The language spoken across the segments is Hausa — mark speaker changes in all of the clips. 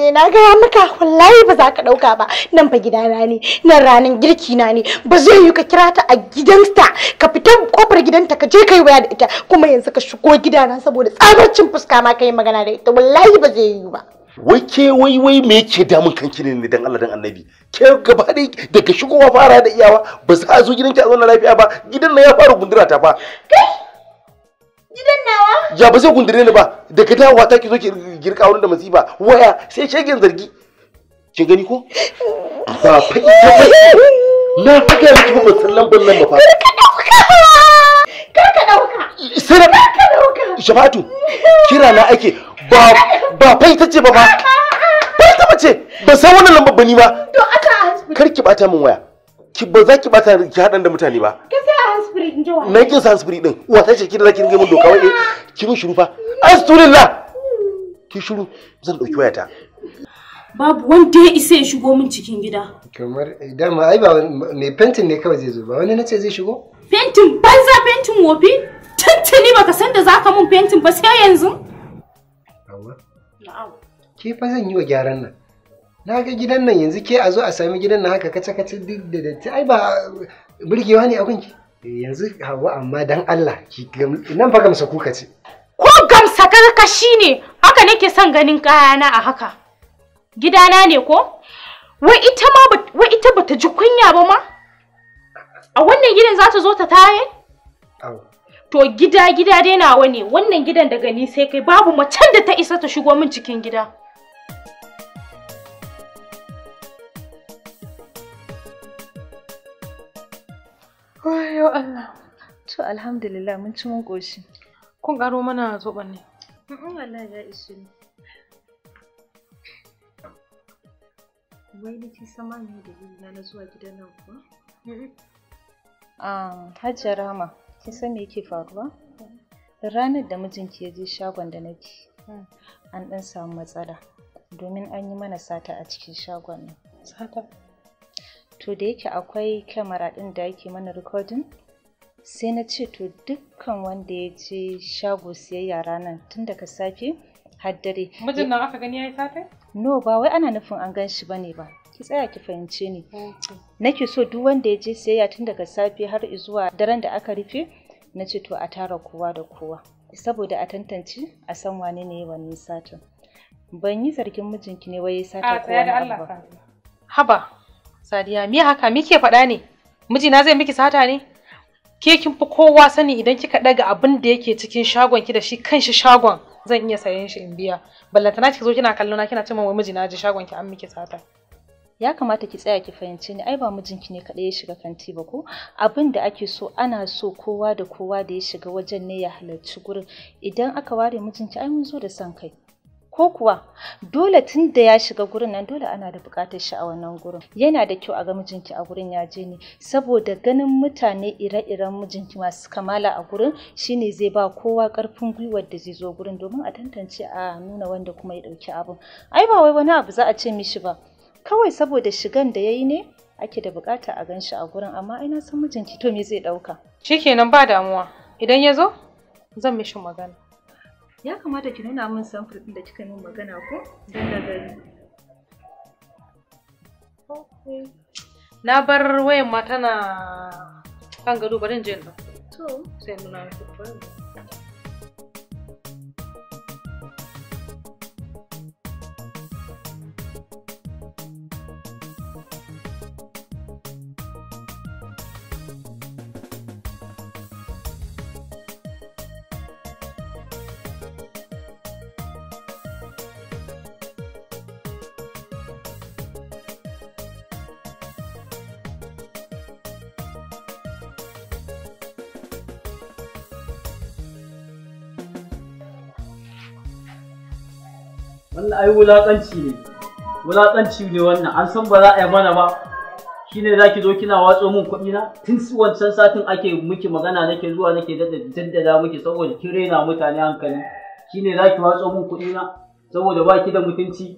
Speaker 1: dai na gaya maka wallahi ba za ka ɗauka ba nan fa gidana ne nan ranar girki na ne ba zai yi ka kira ta a gidanta ka fita kofar gidanta ka je kai waya da ita kuma yanzu ka shigo gidana saboda tsabarcin cin fuska ma ka
Speaker 2: yi magana da ita wallahi ba zai yi ba.
Speaker 3: wai ke wai wai me yake damun kanki ne dan Allah dan Annabi ke gaba dai daga shigowa fara da iyawa ba za a zo gidanki a zauna lafiya ba gidan na ya fara gundura ta fa
Speaker 4: kai gidan na ya ba zai
Speaker 3: gundure ni ba daga dawo ta ki zo ki girka wurin da masifa waya sai shegen zargi ki gani ko ba fa ita ba na faga miki ba sallan lambar nan ba fa kar
Speaker 4: karka dauka
Speaker 3: sai kar dauka shafatu
Speaker 4: kira na ake ba ba fai ta ce ba
Speaker 3: ba fai ta bace ba san wannan lambar ba ni ba to aka kar ki bata min waya ki ba za ki bata ki hadan da mutane ba spray in jawa na kin san spray din wata ce kin zaki ringa mun doka wai eh, ki mun shiru fa astagfirullah
Speaker 5: ki shiru zan dauki wayata
Speaker 1: babu wanda ya isa ya shigo min cikin gida
Speaker 5: kamar eh, dama ai ba mai fentin ne kawai zai zo ba wani nace zai shigo
Speaker 1: fentin banza fentin wofi tuntuni baka san da zaka mun fentin ba sai yanzu
Speaker 5: ke fa zan yi wa gyaran nan na ga gidan nan yanzu ke a zo a sami gidan nan haka kace kace duk da datti ai ba burgewa ne a gunki Eh, yanzu hawa amma dan Allah ki nan fa gamsa kuka ce ko gamsa karka shine
Speaker 1: haka nake son ganin kayana a haka gidana ne ko wai ita ma wai ita bata ji kunya ba ma a wannan gidan za ta zo ta taye to gida gida dai nawa ne wannan gidan daga ni sai kai babu macen da ta isa ta shigo min cikin gida yo Allah.
Speaker 6: To alhamdulillah mun ci mun ƙoshi. Kun ƙaro mana zoban ne. Allah ya ishe ni. Wai ni kin san mami da na zuwa gidan nan kuwa? Ah, Hajjar Rahama, kin san me yake faruwa? Ranar da mijinki ya je shagon da nake, mm. an ɗan samu matsala domin an yi mana sata a cikin shagon nan. Sata? to da yake akwai kyamara ɗin da yake mana rikodin sai na ce to dukkan wanda ya je shago siyayya ranar tun daga safe har dare mijin nan
Speaker 2: aka gani ya yi sata
Speaker 6: no ba wai ana nufin an gan shi bane ba ki tsaya ki fahimce ni nake so duk wanda ya je siyayya tun daga safe har zuwa daren da aka rufe na ce to a tara kowa da kowa saboda a tantance a san wane ne
Speaker 2: wannan satin ban yi zargin mijinki ne wai ya sata kowa ba haba Sadiya, me haka muke faɗa ne? Mijina zai miki sata ne? Ke kin fi kowa sani idan kika ɗaga abin da yake cikin shagon ki da shi kanshi shagon zan iya sayen shi in biya. Ballantana kike zo kina kallo kina cewa min wai mijina ji shagon ki an miki sata. ya
Speaker 6: kamata ki tsaya ki fahimci ni ai ba mijinki ne kaɗai ya shiga kanti ba ko abin da ake so ana so kowa da kowa da ya shiga wajen ne ya halarci gurin idan aka ware mijinki ai mun zo da son kai ko kuwa dole tun da ya shiga gurin nan dole ana da buƙatar shi a wannan gurin yana da kyau a ga mijinki a gurin ya je ne saboda ganin mutane ire-iren mijinki masu kamala a gurin shine zai ba kowa ƙarfin gwiwar da zai zo gurin domin a tantance a nuna wanda kuma ya ɗauki abin ai ba wai wani abu za a ce mishi ba kawai saboda shigan da ya yi ne ake da buƙata a ganshi a gurin amma ai na san mijinki to me zai ɗauka shikenan
Speaker 2: ba damuwa idan ya zo zan mishi magana
Speaker 6: ya kamata ki nuna min
Speaker 2: samfur ɗin da kika min magana ko don na gari na bar wayan ma tana kan gado bari in je in to sai nuna
Speaker 4: wannan ai wulaƙanci ne wulaƙanci ne wannan an san ba za a yi mana ba shine za ki zo kina watso min kuɗi na tun wancan satin ake miki magana nake zuwa nake daddada miki saboda kin rena mutane hankali shine za ki watso min kuɗi na saboda ba ki da mutunci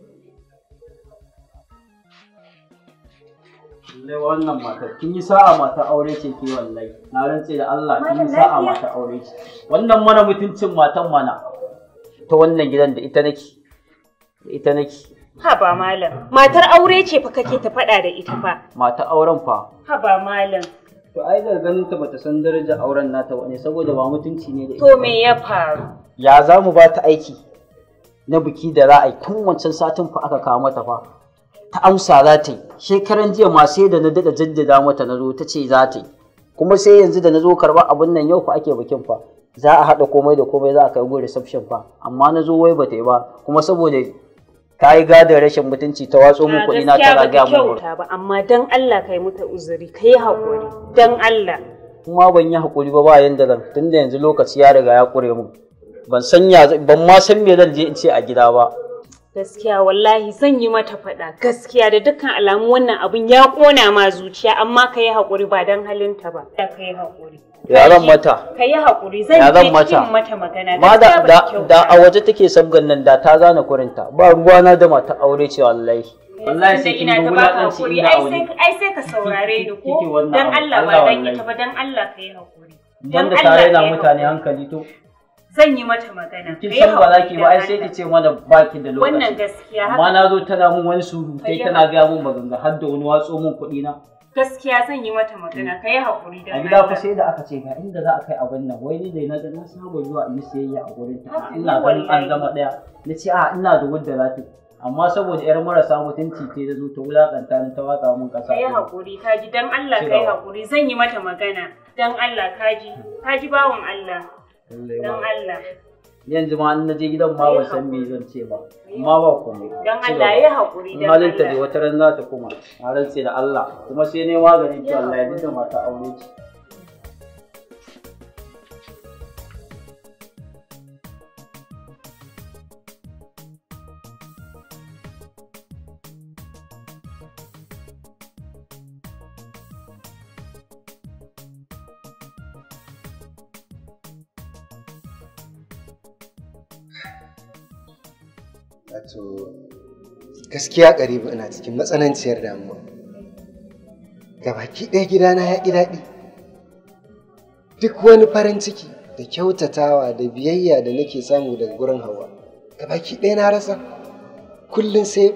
Speaker 4: Lai wannan mata, kin yi sa'a mata aure ce ke wallahi na rantse da Allah kin yi sa'a mata aure ce wannan mana mutuncin matan mana ta wannan gidan da ita nake ita nake
Speaker 1: Haba malam, matar aure ce fa kake ta faɗa da ita fa.
Speaker 4: Matar auren fa.
Speaker 1: Haba malam.
Speaker 4: To ai da ganin ta bata san darajar auren nata ba saboda ba mutunci ne da ita. To
Speaker 1: me ya faru?
Speaker 4: Ya za mu ba ta aiki na biki da za a yi tun wancan satin fa aka kawo mata fa. Ta amsa za ta yi. Shekaran jiya ma sai na daɗa jaddada mata na zo ta ce za ta yi. Kuma sai yanzu da na zo karɓar abin nan yau fa ake bikin fa. Za a haɗa komai da komai za a kai gurin reception fa. Amma na zo wai ta yi ba kuma saboda ta yi gadon rashin mutunci ta watso mu kuɗi na tara ga mu
Speaker 1: ba amma dan Allah kai mata uzuri kai hakuri dan Allah
Speaker 4: kuma ban yi hakuri ba ba yanda zan tunda yanzu lokaci ya riga ya kure mu ban san ya ban ma san me zan je in ce a gida ba
Speaker 1: Gaskiya wallahi zan yi mata faɗa gaskiya da dukkan alamu wannan abun ya ƙona ma zuciya amma ka yi haƙuri ba don halinta ba. Ya ka yi haƙuri.
Speaker 4: Ya zan mata.
Speaker 1: Ka yi haƙuri zan yi mata magana. Ma da, da,
Speaker 4: a waje take sabgan nan da ta zana kurinta ba ruwana da mata aure ce wallahi. wallahi sai ina ta baka haƙuri,
Speaker 1: ai sai ka saurare ni ko dan Allah ba dan ta ba dan Allah ka yi haƙuri.
Speaker 4: dan Allah ka mutane hankali to
Speaker 1: zan yi mata magana kin san ba
Speaker 4: za ki ba ai sai ki ce mana baki da lokaci wannan
Speaker 1: gaskiya amma na
Speaker 4: zo tana mun wani surutai tana ga mun maganga har da wani watso mun kuɗi na
Speaker 1: gaskiya zan yi mata magana kai hakuri da a gida fa
Speaker 4: sai da aka ce ga inda za a kai abin nan wai ni dai na ga na saba zuwa in sayayya a gurin ta ina ganin an zama daya na ce a ina da wadda za ta amma saboda yar marasa mutunci ce da zo ta wulakanta ni ta watsa mun kasa kai
Speaker 1: hakuri kaji dan Allah kai hakuri zan yi mata magana dan Allah kaji kaji bawon Allah
Speaker 4: don Allah yanzu ma na je gidan ma ban san me zan ce ba amma ba komai don Allah ya haƙuri da Allah ta wata ran za ta kuma a ran sai da Allah kuma sai ne maganin to Allah ya da mata aure ce
Speaker 5: gaskiya karibu ina cikin matsananciyar damuwa gabaki ɗaya gidana ya ƙi daɗi duk wani farin ciki da kyautatawa da biyayya da nake samu daga gurin hawa gabaki ɗaya na rasa kullum sai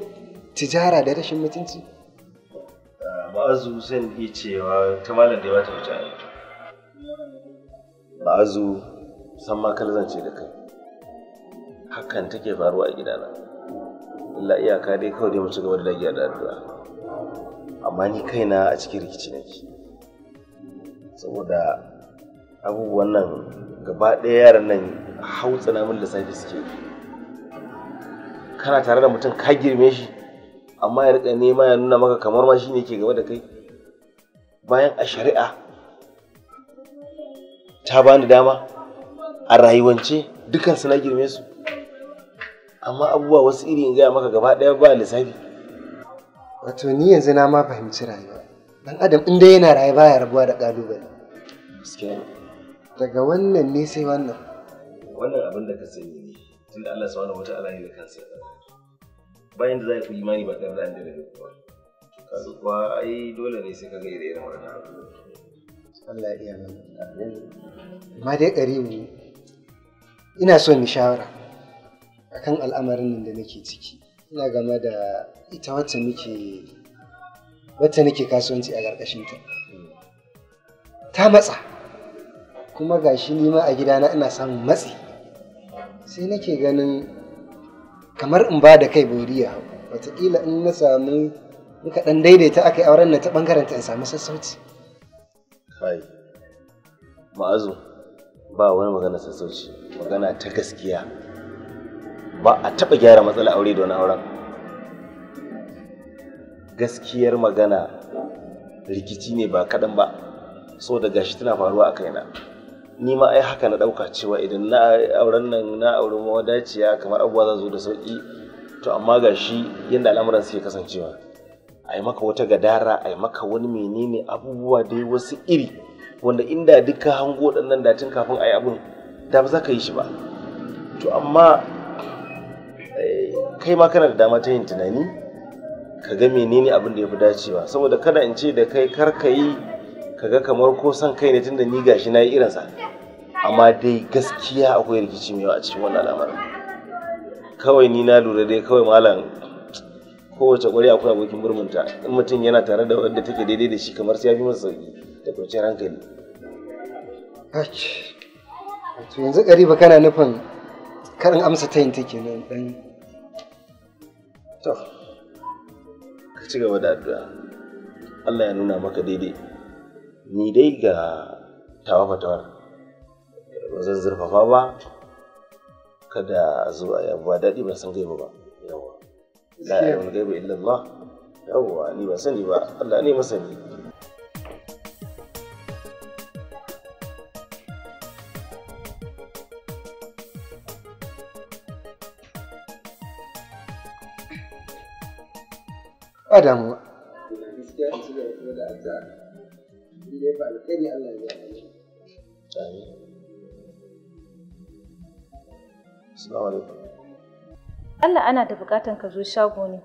Speaker 5: tijara da rashin mutunci
Speaker 3: ma'azu zan iya cewa ta malam da ya bata wuce ma'azu san ma zan ce da kai hakan take faruwa a gidana illa iyaka dai kawai dai mu ci gaba da lagiya da addu'a amma ni kaina a cikin rikici nake saboda abubuwan nan gaba ɗaya yaran nan hautsana min lissafi suke kana tare da mutum ka girme shi amma ya rika nema ya nuna maka kamar ma shi ne ke gaba da kai bayan a shari'a ta bani dama a rayuwance dukansu na girme su amma abubuwa wasu iri in gaya maka gaba ɗaya ba lissafi
Speaker 5: wato ni yanzu na ma fahimci rayuwa dan adam in dai yana rayuwa baya rabuwa da kalubale daga wannan ne sai wannan
Speaker 3: wannan abin da ka sani ne tunda Allah subhanahu wataala ne da kansa ya bayan da za ku imani ba tare da an dare ba kaga kuwa ai dole ne sai ka ga irin wannan abu
Speaker 4: Allah ya iya mana
Speaker 5: amma dai karibu ina so ni shawara akan al'amarin nan da nake ciki ina game da ita wacce nake wacce nake kasuwanci a ƙarƙashin ta ta matsa kuma gashi ni ma a gidana ina samun matsi sai nake ganin kamar in ba da kai buriya wataƙila in na samu muka ɗan daidaita aka yi auren na ta ɓangaren ta in samu sassauci
Speaker 3: bai ma'azu ba wani magana sassauci magana ta gaskiya ba a taɓa gyara matsala aure da wani auren gaskiyar magana rikici ne ba kaɗan ba so da gashi tana faruwa a kaina ni ma ai haka na ɗauka cewa idan na auren nan na auren mawadaciya kamar abubuwa za zo da sauƙi to amma gashi yadda al'amuran suke kasancewa a yi maka wata gadara a yi maka wani menene abubuwa dai wasu iri wanda inda duka hango ɗannan datin kafin a yi abin da ba za ka yi shi ba to amma kai ma kana da dama ta yin tunani ka ga menene abin da ya fi dacewa saboda kada in ce da kai kar ka yi ka ga kamar ko son kai ne tunda ni gashi na yi irinsa amma dai gaskiya akwai rikici mai a cikin wannan al'amari kawai ni na lura dai kawai malam kowace ƙwari akwai abokin murmunta in mutum yana tare da wanda take daidai da shi kamar sai ya fi masa sauki da kwanciyar hankali
Speaker 5: yanzu ƙariba kana nufin karin amsa ta yin take nan dan to
Speaker 3: ka ci gaba da addu'a Allah ya nuna maka daidai ni dai ga tawa fatawar ba zan zurfafa ba kada a zuwa ya ba daɗi ba san gaiba ba yawa la ya illallah yawa ni ba sani ba Allah ne masani
Speaker 5: adamu
Speaker 6: Allah ana da bukatan ka zo shago ne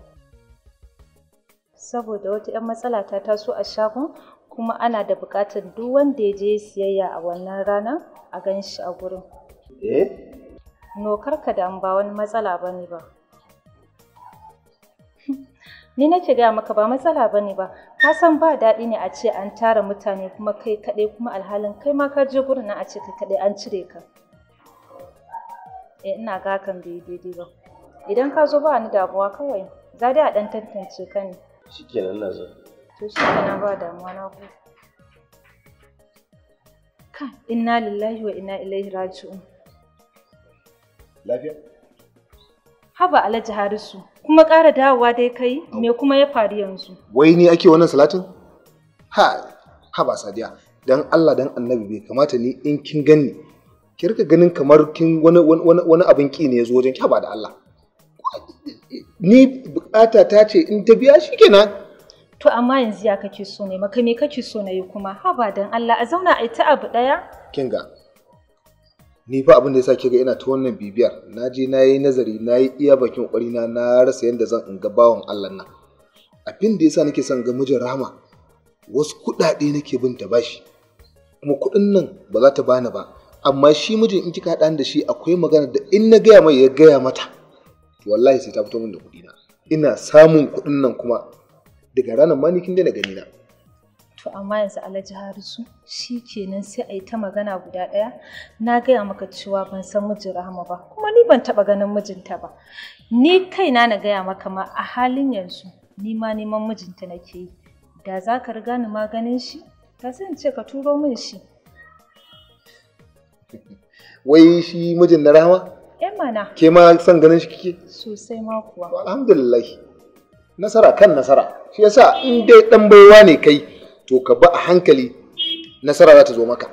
Speaker 6: saboda wata 'yan matsala ta taso a shagon kuma ana da bukatan duk wanda ya je siyayya a wannan rana a gan shi a gurin. Eh? Nokar ka da ba wani matsala ba ne ba. Ni nake gaya maka ba matsala ba ne ba, ka san ba daɗi ne a ce an tara mutane kuma kai kaɗai kuma alhalin kai ma ka je gurin a ce kai kaɗai an cire ka. Eh ina ga hakan bai daidai ba. Idan ka zo ba ni damuwa kawai, za dai a ɗan tantance ka ne.
Speaker 3: Shikenan na zo.
Speaker 6: To shikenan ba damuwa na ku. Ka inna lillahi wa inna ilaihi raji'un. Lafiya? haba alhaji harisu kuma ƙara dawowa dai kai me kuma ya faru yanzu
Speaker 7: wai ni ake wannan salatin ha haba sadiya dan Allah dan annabi bai kamata ni in kin ganni ki rika ganin kamar kin wani wani abin ki ne yazo wajen ki haba da Allah ni bukata ta ce in ta biya shi kenan to amma
Speaker 6: yanzu ya kake so ne maka me kake so na yi kuma haba dan Allah a zauna a ta abu daya
Speaker 7: kinga ni fa abin da ya sa kiga ina ta wannan bibiyar na je na yi nazari na yi iya bakin kwari na na rasa yadda zan in ga bawan Allah nan abin da ya sa nake son ga mijin rahama wasu kuɗaɗe nake bin ta bashi kuma kuɗin nan ba za ta bani ba amma shi mijin in kika haɗa da shi akwai magana da in na gaya mai ya gaya mata wallahi sai ta fito min da kuɗina ina samun kuɗin nan kuma daga ranar ma ni kin daina gani na
Speaker 6: to amma yanzu alhaji harisu shi kenan sai a yi ta magana guda ɗaya na gaya maka cewa ban san mijin rahama ba kuma ni ban taɓa ganin mijinta ba ni kaina na gaya maka ma a halin yanzu ni ma neman mijinta nake yi da za ka riga ni ma ganin shi ta sai ce ka turo min shi
Speaker 7: wai shi mijin na rahama eh mana ke ma son ganin shi kike
Speaker 6: sosai ma kuwa
Speaker 7: alhamdulillah nasara kan nasara shi yasa in dai dan baiwa ne kai to ka ba a hankali nasara za ta zo maka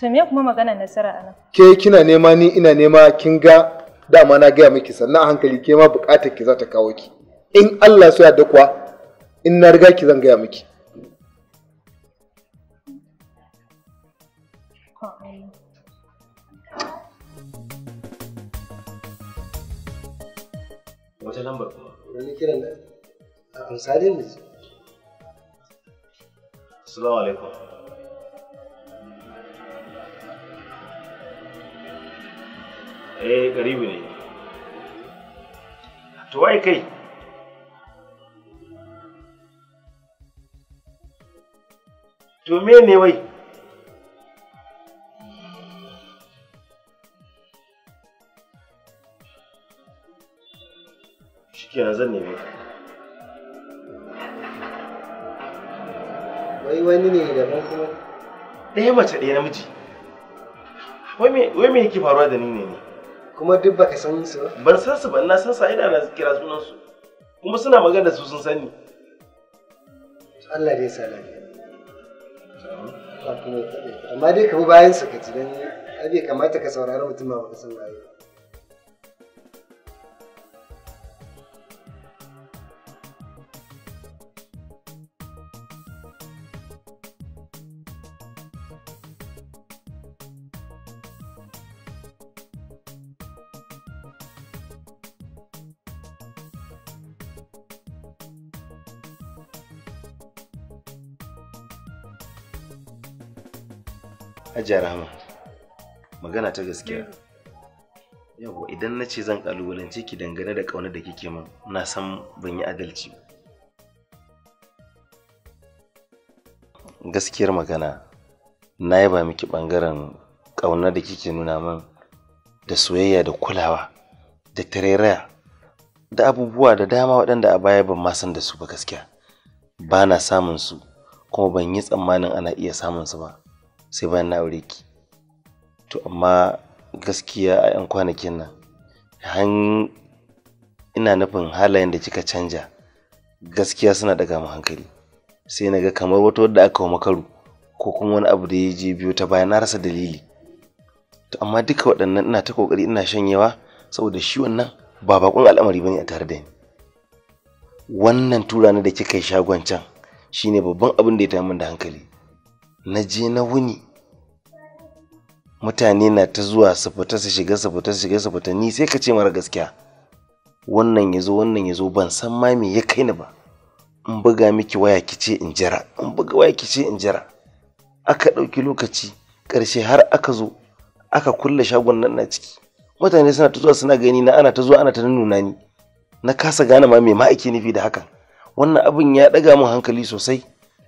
Speaker 6: to me kuma magana nasara a nan?
Speaker 7: ke kina nema ni ina nema kin ga dama na gaya miki sannan a hankali ke ma bukatar ki za ta kawo ki in Allah so ya da kuwa in na riga ki zan gaya miki
Speaker 5: wata lambar kuma wani kiran da da
Speaker 3: Assalamu alaikum. Eh, garibu ne. To wai kai? To me ne wai? ɗaya mace ɗaya namiji wai me yake faruwa da ni ne ne
Speaker 5: kuma duk baka san
Speaker 3: su ba ban san su ba na san sa ina na kira sunan su kuma suna magana su sun sani
Speaker 5: Allah dai sa lafiya amma dai ka bayan su ka ji dan kamata ka saurari mutum ba baka san waye
Speaker 3: Hajiya Rahama, magana ta gaskiya. Mm. Yawwa idan na ce zan kalubalance ki dangane da ƙaunar da kike min, na san ban yi adalci Gaskiyar magana, na yaba miki ɓangaren ƙaunar da kike nuna min da soyayya da kulawa da tarairaya da abubuwa da dama waɗanda a baya ban ma san da su ba gaskiya. Ba na samun su, kuma ban yi tsammanin ana iya samun su ba. sai bayan na aure ki to amma gaskiya a 'yan kwanakin nan han ina nufin halayen da kika canja gaskiya suna daga mu hankali sai na ga kamar wata wadda aka wa makaru ko kuma wani abu da ya je biyo ta baya na rasa dalili to amma duka waɗannan ina ta kokari ina shanyewa saboda shi wannan ba bakon al'amari bane a tare da ni wannan turana da kika yi shagon can shine babban abin da ya tayar min da hankali na je na wuni mutane na ta zuwa su fita su shiga su fita su shiga su fita ni sai ka ce mara gaskiya wannan ya zo wannan ya zo ban san ma me ya kai ni ba in buga miki waya ki ce in jira in buga waya ki ce in jira aka ɗauki lokaci ƙarshe har aka zo aka kulle shagon nan na ciki mutane suna ta zuwa suna gani na ana ta zuwa ana ta nuna ni na kasa gane ma me ma ake nufi da hakan wannan abin ya ɗaga min hankali sosai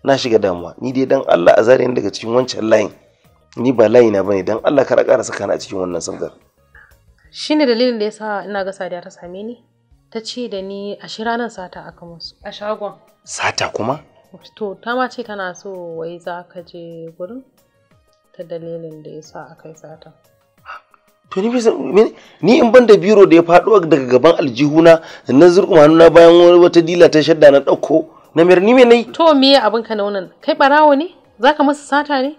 Speaker 3: na shiga damuwa ni dai dan Allah a zare daga cikin wancan layin ni ba layi na bane dan Allah kar ƙara saka ni a cikin wannan sabgar
Speaker 2: shine dalilin da yasa ina ga Sadiya ta same ni ta ce da ni a shiranan ranar sata aka musu a shagon
Speaker 3: sata kuma
Speaker 2: to ta ma ce tana so wai za ka je gurin ta dalilin da yasa aka yi sata
Speaker 3: to ni ni in ban da biro da ya faɗo daga gaban aljihuna na zurkuma na bayan wata dila ta shadda na ɗauko na mirni mai me nayi
Speaker 2: to me abin ka na wannan kai barawo ne zaka masa sata ne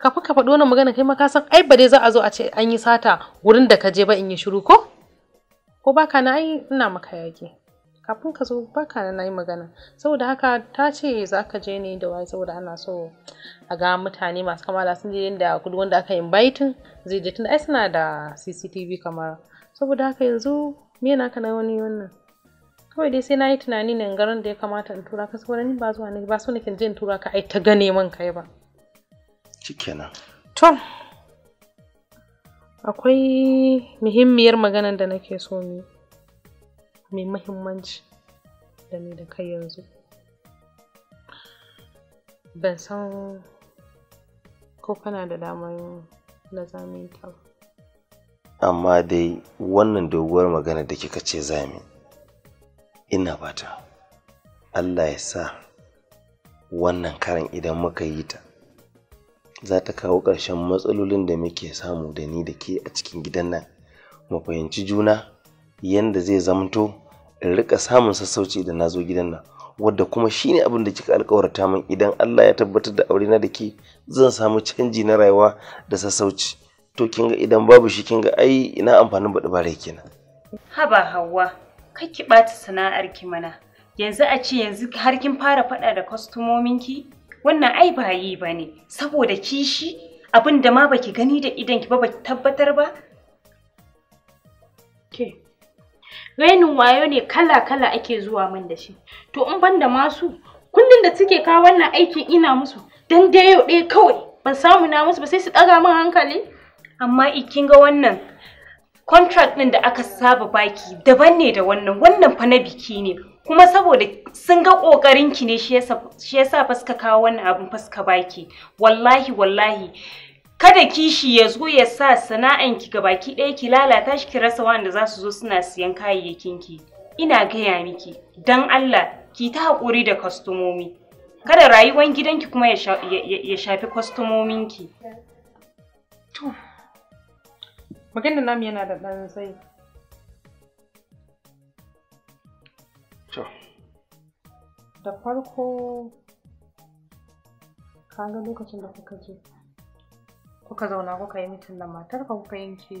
Speaker 2: kafin ka faɗi wannan magana kai ma ka san ai ba dai za a zo a ce an yi sata wurin da ka je ba in yi shiru ko ko baka na ai ina maka yaƙi kafin ka zo baka na yi magana saboda haka ta ce za ka je ne da waye saboda ana so a ga mutane masu kamala sun je da kudu wanda aka inviting zai je tun ai suna da cctv kamar saboda haka yanzu me na ka na wani wannan kawai dai sai na yi tunani ne garin da ya kamata in tura ka saboda ba zuwa ne ba so kin je in tura ka ai ta gane man kai ba shikenan to akwai muhimmiyar magana da nake so mu mai muhimmanci da ni da kai yanzu ban san ko kana da damar na zamu ba
Speaker 3: amma dai wannan doguwar magana da kika ce zamu ina fata allah ya sa wannan karan idan muka yi ta za ta kawo ƙarshen matsalolin da muke samu da ni da ke a cikin gidan nan mu fahimci juna yadda zai zamto in rika samun sassauci da na zo gidan nan wadda kuma shi ne abin da kika alkawarta min idan Allah ya tabbatar da aure na da ke zan samu canji na rayuwa da sassauci to kinga idan babu shi kinga ai ina amfanin baɗi bare kenan
Speaker 1: haba hawa kai ki ɓata sana'ar ki mana yanzu a ce yanzu har kin fara faɗa da kwastomominki. ki wannan ai ba yi ba ne saboda kishi abin da ma baki gani da idan ki ba baki tabbatar ba ke rainin wayo ne kala kala ake zuwa min da shi to in banda da masu kullum da suke kawo wannan aikin ina musu dan dai yau ɗaya kawai ban samu na musu ba sai su ɗaga min hankali amma ikin ga wannan contract ɗin da aka saba baki daban ne da wannan wannan fa na biki ne kuma saboda sun ga kokarin ki ne shi yasa fa suka kawo wannan abin fa suka baki wallahi wallahi kada kishi ya zo ya sa sana'an ki ga baki ɗaya ki lalata shi ki rasa wanda za su zo suna siyan kayayyakin ki ina gaya miki dan Allah ki ta haƙuri da kwastomomi kada rayuwar gidanki kuma ya shafi kwastomominki to Magana
Speaker 2: namu yana da ɗan tsayi. To. Da farko ka ga lokacin da kuka je kuka zauna kuka yi mitin da matar ka kuka yanke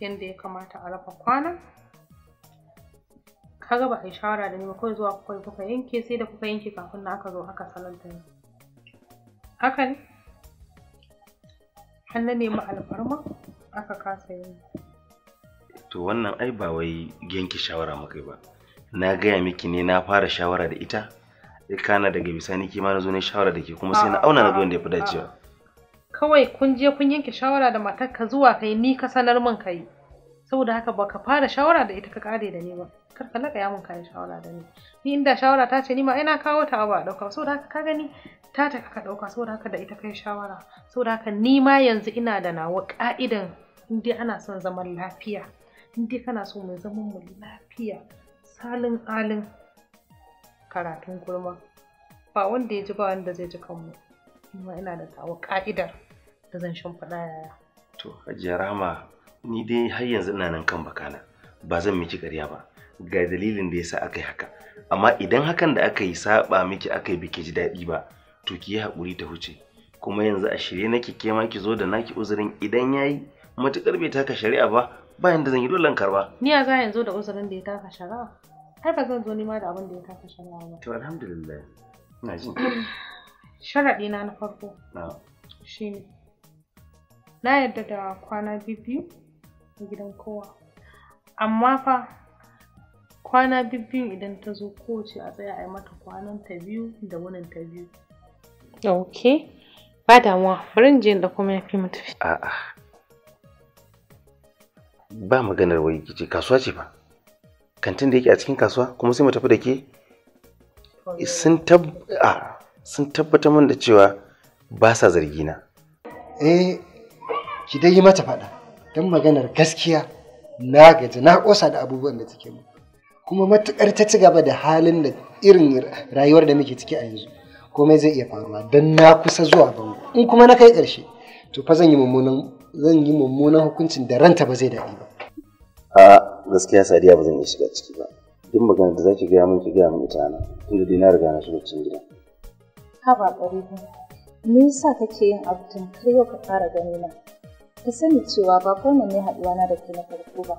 Speaker 2: yadda ya kamata a rafa kwana. Ka ga ba a yi shawara da ni ba kawai zuwa kuka kuka yanke sai da kuka yanke kafin na aka zo aka salanta ni. Haka ne? An nemi alfarma aka kasa yi
Speaker 3: to wannan ai ba wai yanke shawara muka ba na gaya miki ne na fara shawara da ita kana daga bisani ma na zo ne shawara da ke kuma sai na auna na ga wanda ya fi dacewa
Speaker 2: kawai kun je kun yanke shawara da ka zuwa kai ni ka sanar min kai saboda haka baka fara shawara da ita ka kare da ni ba kar ka ya mun kai shawara da ni ni inda shawara ta ce ni ma ina kawo ta ba dauka saboda haka ka gani ta ta ka dauka saboda haka da ita kai shawara saboda haka ni ma yanzu ina da nawa ka'idan in ana son zaman lafiya in kana so mai zaman mu lafiya salin alin karatun kurma ba wanda ya ji ba wanda zai ji kanmu kuma ina da tawa ka'idar da zan shan faɗa yaya
Speaker 3: to hajiya rama ni dai har yanzu ina nan kan baka na, ba zan miki ƙarya ba ga dalilin da yasa aka yi haka amma idan hakan da aka yi saba miki aka yi biki ji daɗi ba to ki yi haƙuri ta huce kuma yanzu a shirye nake ke ma ki zo da naki uzurin idan yayi matukar bai taka shari'a ba ba yanda zan yi dole karba
Speaker 2: ni a za yanzu da uzurin da ya taka shari'a har ba zan zo nima da abin da ya taka shari'a
Speaker 3: ba to alhamdulillah ina jin
Speaker 2: sharaɗi na na farko ne. na yarda da kwana biyu a gidan kowa amma fa kwana biyu idan ta zo kowace a tsaya a yi mata kwanan ta biyu da wunin ta biyu ok ba damuwa bari in je in ɗauko ya fi mutu a'a
Speaker 3: ba maganar wai kici kasuwa ce ba kantin da yake a cikin kasuwa kuma sai mu tafi da ke sun tabba sun tabbata min da cewa ba sa zargi na
Speaker 5: eh ki dai yi mata faɗa dan maganar gaskiya na gaji na ƙosa da abubuwan da take mu kuma matukar ta ci gaba da halin da irin rayuwar da muke ciki a yanzu komai zai iya faruwa dan na kusa zuwa bango in kuma na kai karshe to fa zan yi mummunan zan yi mummunan hukuncin da ranta ba zai daɗi ba.
Speaker 3: A gaskiya Sadiya ba zan iya shiga ciki ba. Duk magana da zaki gaya min ki gaya min ita na tunda dai na riga na shiga cikin gida.
Speaker 6: Ka ba ƙari ba. Me yasa kake yin abu tun kar yau ka fara ganina? Ka sani cewa ba kowane ne haɗuwa na da ke na farko ba.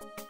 Speaker 6: Thank you.